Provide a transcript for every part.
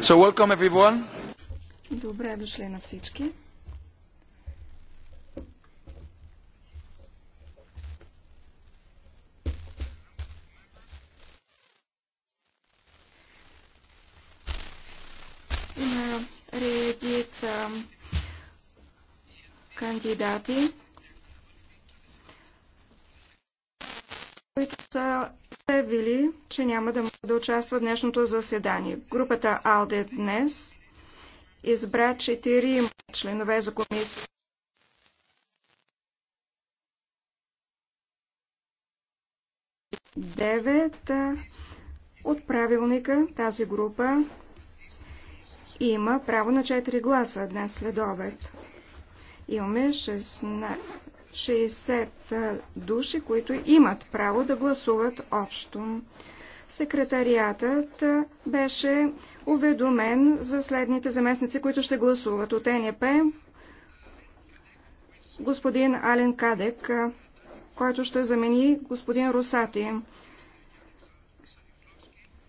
So welcome everyone. Добре дошли на всички. Има редица кандидати, които са заявили, че няма да му да участва в днешното заседание. Групата АЛДЕ днес избра 4 членове за комисия. Девет от правилника тази група има право на 4 гласа днес след обед. Имаме 16, 60 души, които имат право да гласуват общо. Секретариатът беше уведомен за следните заместници, които ще гласуват от НЕП. Господин Ален Кадек, който ще замени господин Русати.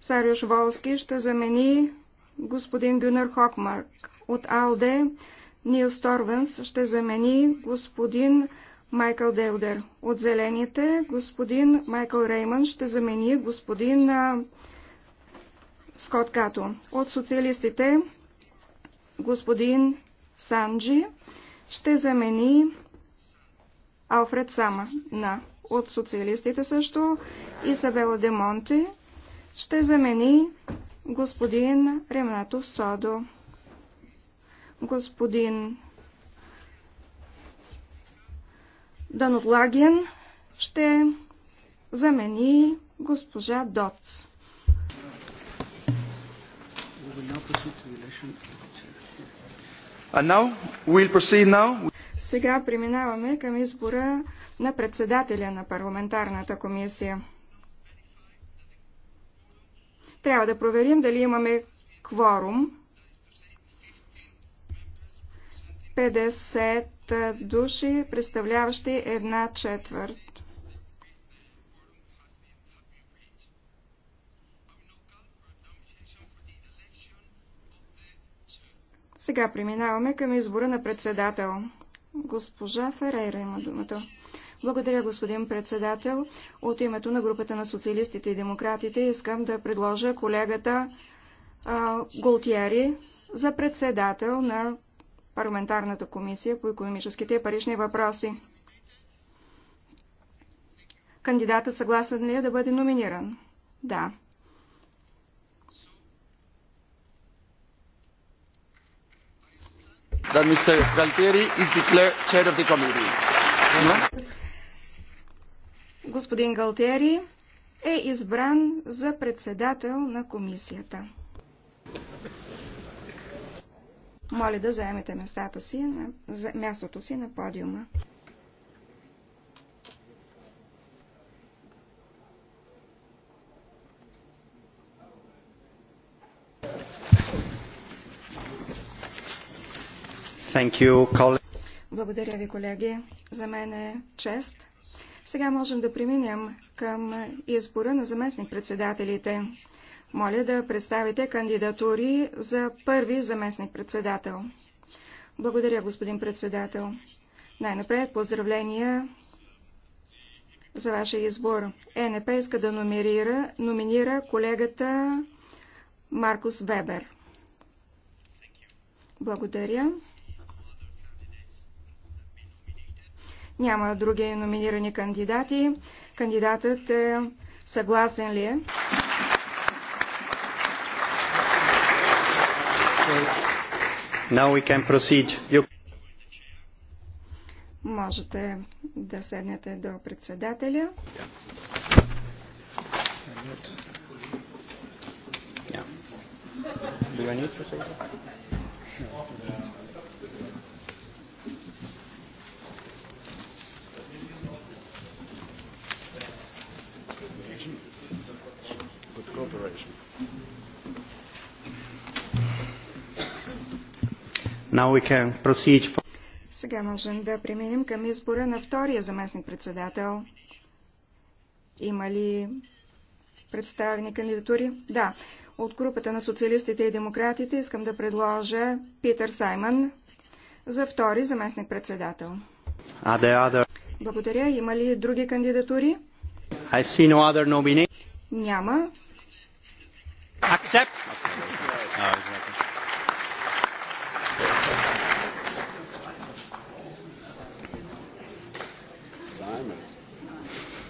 Сариош Волски ще замени господин Гюнер Хокмарк. От АЛДЕ Нил Сторвенс ще замени господин Майкъл Делдер. От зелените господин Майкъл Рейман ще замени господин а, Скот Като. От социалистите господин Санджи ще замени Алфред Сама. На. От социалистите също Изабела Демонти ще замени господин Ремнато Содо. Господин Данот ще замени госпожа Доц. Сега преминаваме към избора на председателя на парламентарната комисия. Трябва да проверим дали имаме кворум. 50 300 души, представляващи една четвърт. Сега преминаваме към избора на председател. Госпожа Ферейра има думата. Благодаря, господин председател. От името на групата на социалистите и демократите искам да предложа колегата а, Голтиери за председател на парламентарната комисия по економическите и парични въпроси. Кандидатът съгласен ли е да бъде номиниран? Да. That Mr. Galtieri is declared chair of the committee. Господин Галтери е избран за председател на комисията. Моля да заемете местата си на, мястото си на подиума. You, Благодаря ви, колеги. За мен е чест. Сега можем да преминем към избора на заместник-председателите. Моля да представите кандидатури за първи заместник-председател. Благодаря, господин председател. Най-напред поздравления за вашия избор. Е ЕНП иска да номерира, номинира колегата Маркус Вебер. Благодаря. Няма други номинирани кандидати. Кандидатът е съгласен ли е? Now we can proceed. You... Можете да седнете до председателя. Yeah. Yeah. Сега можем да преминем към избора на втория заместник-председател. Има ли представени кандидатури? Да. От групата на социалистите и демократите искам да предложа Питър Саймън за втори заместник-председател. Other... Благодаря. Има ли други кандидатури? I see no other nomination. Няма. Accept.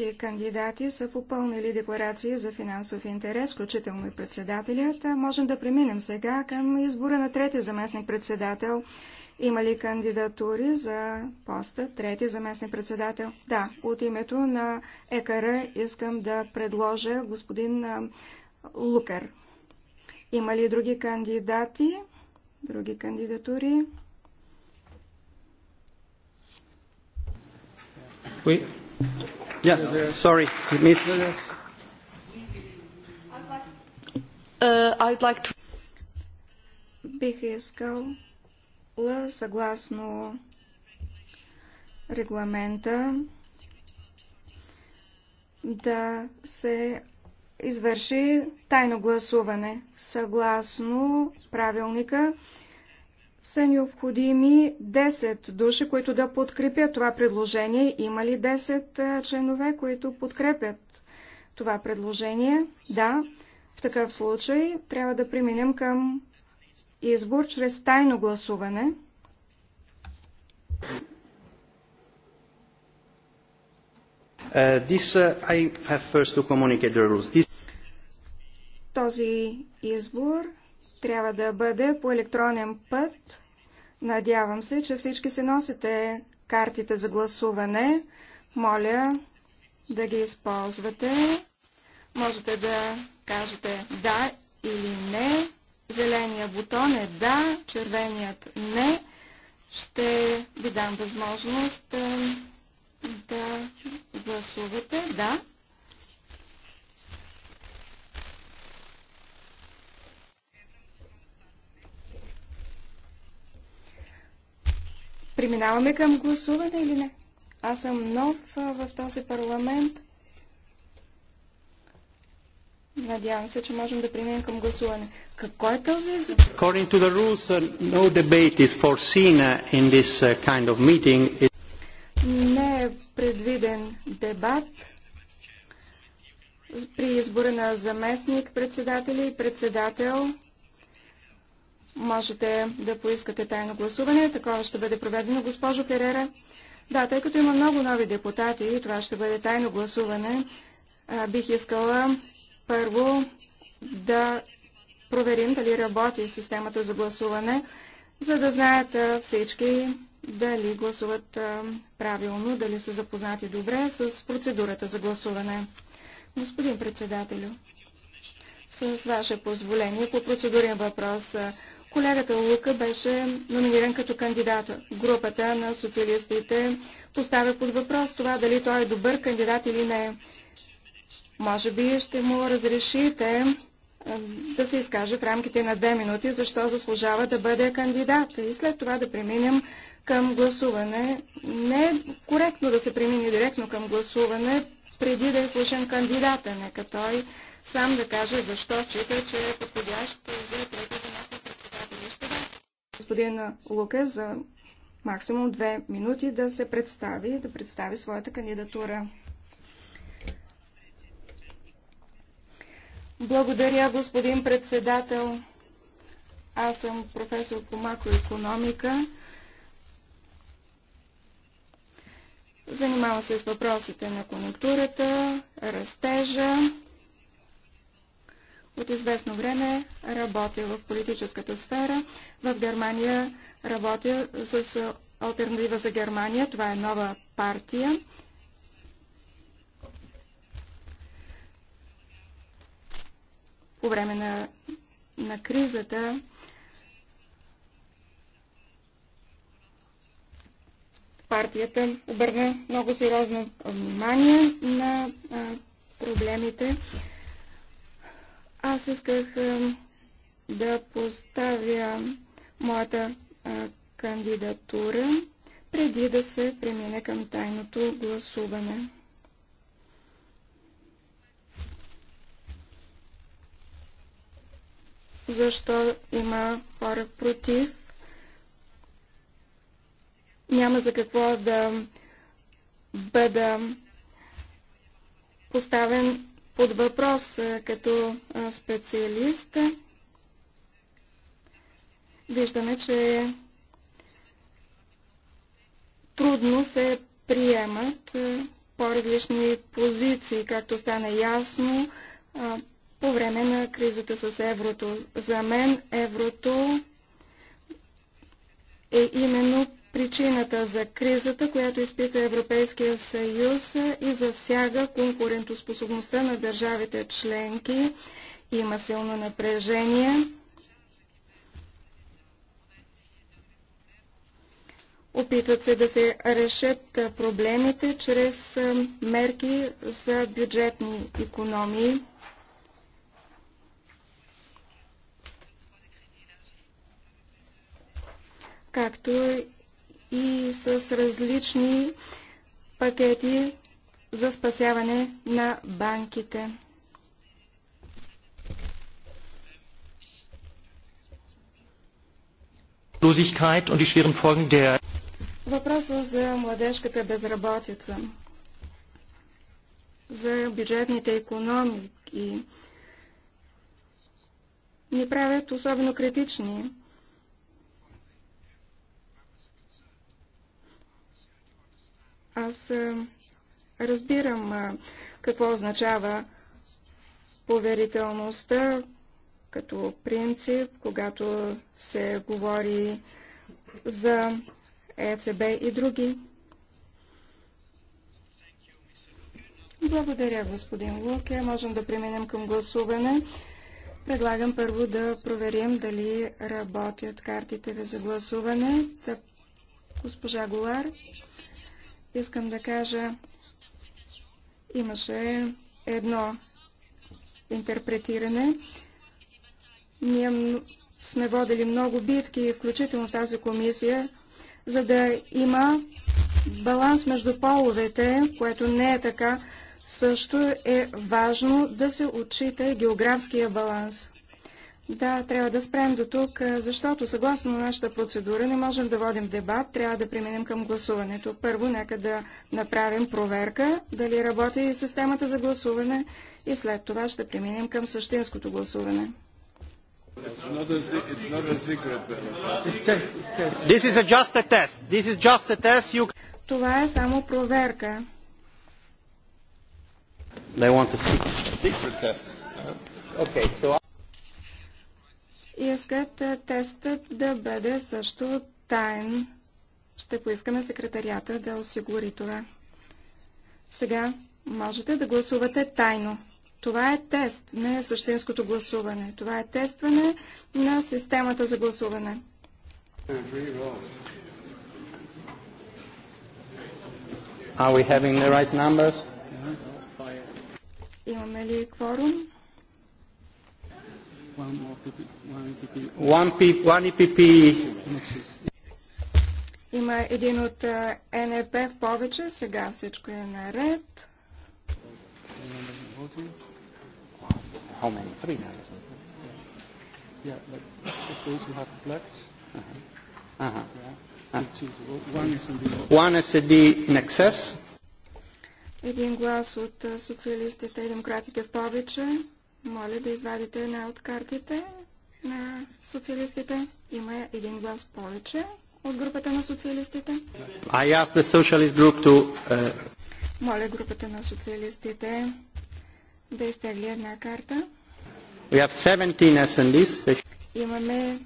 всички кандидати са попълнили декларации за финансов интерес, включително и председателят. Можем да преминем сега към избора на трети заместник-председател. Има ли кандидатури за поста трети заместник-председател? Да, от името на ЕКР искам да предложа господин Лукер. Има ли други кандидати? Други кандидатури? Oui. Yes, sorry, Miss. Uh, I'd like to... Бих искал съгласно регламента да се извърши тайно гласуване съгласно правилника са необходими 10 души, които да подкрепят това предложение. Има ли 10 членове, които подкрепят това предложение? Да. В такъв случай трябва да преминем към избор чрез тайно гласуване. uh, uh Този избор трябва да бъде по електронен път. Надявам се, че всички се носите картите за гласуване. Моля да ги използвате. Можете да кажете да или не. Зеления бутон е да, червеният не. Ще ви дам възможност да гласувате да. Преминаваме към гласуване или не? Аз съм нов в този парламент. Надявам се, че можем да преминем към гласуване. Какво е този According to the rules, uh, no debate is foreseen uh, in this uh, kind of meeting. Не е предвиден дебат при избора на заместник председатели и председател Можете да поискате тайно гласуване. Такова ще бъде проведено, госпожо Ферера. Да, тъй като има много нови депутати и това ще бъде тайно гласуване, бих искала първо да проверим дали работи системата за гласуване, за да знаят всички дали гласуват правилно, дали са запознати добре с процедурата за гласуване. Господин председателю, с ваше позволение по процедурен въпрос Колегата Лука беше номиниран като кандидат. Групата на социалистите поставя под въпрос това дали той е добър кандидат или не. Може би ще му разрешите да се изкаже в рамките на две минути, защо заслужава да бъде кандидат. И след това да преминем към гласуване. Не е коректно да се премине директно към гласуване, преди да изслушам е кандидата. Нека той сам да каже защо счита, че е подходящ господин Лука за максимум две минути да се представи, да представи своята кандидатура. Благодаря, господин председател. Аз съм професор по макроекономика. Занимавам се с въпросите на конъюнктурата, растежа, от известно време работя в политическата сфера. В Германия работя с Альтернатива за Германия. Това е нова партия. По време на, на кризата партията обърна много сериозно внимание на а, проблемите аз исках да поставя моята кандидатура преди да се премине към тайното гласуване. Защо има хора против? Няма за какво да бъда поставен под въпрос като специалист. Виждаме, че трудно се приемат по-различни позиции, както стана ясно по време на кризата с еврото. За мен еврото е именно причината за кризата, която изпита Европейския съюз и засяга конкурентоспособността на държавите членки. Има силно напрежение. Опитват се да се решат проблемите чрез мерки за бюджетни економии. както и с различни пакети за спасяване на банките. Въпросът за младежката безработица, за бюджетните економики ни правят особено критични Аз е, разбирам е, какво означава поверителността като принцип, когато се говори за ЕЦБ и други. Благодаря, господин Луке. Можем да преминем към гласуване. Предлагам първо да проверим дали работят картите ви за гласуване. Госпожа Голар, искам да кажа, имаше едно интерпретиране. Ние сме водили много битки, включително тази комисия, за да има баланс между половете, което не е така. Също е важно да се отчита географския баланс. Да, трябва да спрем до тук, защото съгласно на нашата процедура не можем да водим дебат, трябва да преминем към гласуването. Първо, нека да направим проверка дали работи системата за гласуване и след това ще преминем към същинското гласуване. Това е само проверка. They want a secret, secret test. Okay, so и искат тестът да бъде също тайн. Ще поискаме секретарията да осигури това. Сега можете да гласувате тайно. Това е тест, не е същинското гласуване. Това е тестване на системата за гласуване. Are we having the right numbers? Имаме ли кворум? Има един от е, НЕП повече, сега всичко е наред. Един глас от е, социалистите и демократите повече. повече. Моля да извадите една от картите на социалистите. Има един глас повече от групата на социалистите. I ask the socialist group to, uh... Моля групата на социалистите да изтегли една карта. We have 17 SNDs. Имаме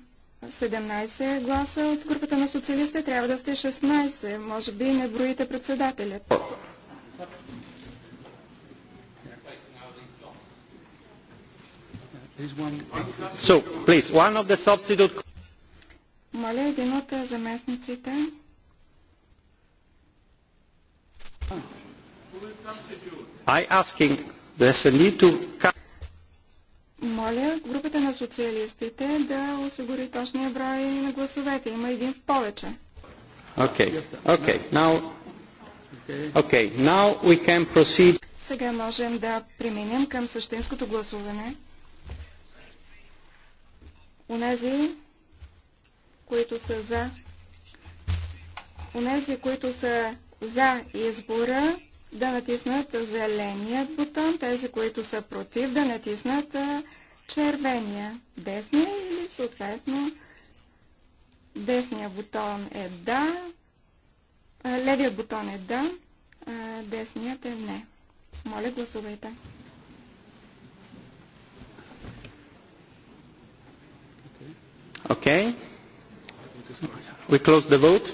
17 гласа от групата на социалистите. Трябва да сте 16. Може би не броите председателят. So, please, one of the substitute... Моля един от е, заместниците. Моля групата на социалистите да осигури точния брой на гласовете. Има един в повече. Сега можем да преминем към същинското гласуване. Унези, които са за Унези, които са за избора, да натиснат зеленият бутон, тези, които са против, да натиснат червения, десния или съответно десния бутон е да, левият бутон е да, десният е не. Моля, гласувайте. We close the vote.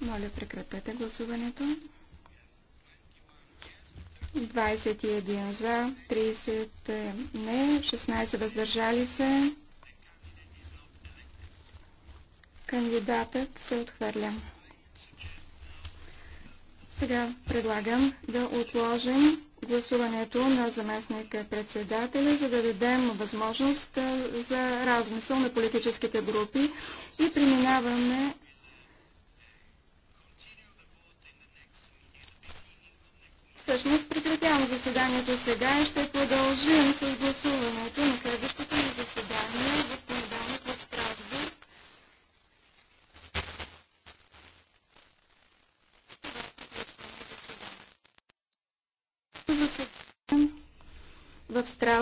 Моля, прекратете гласуването. 21 за, 30 не, 16 въздържали се. Кандидатът се отхвърля. Сега предлагам да отложим гласуването на заместник председателя, за да дадем възможност за размисъл на политическите групи и преминаваме Всъщност прекратявам заседанието сега и ще продължим с гласуването на следващото в Страсбург.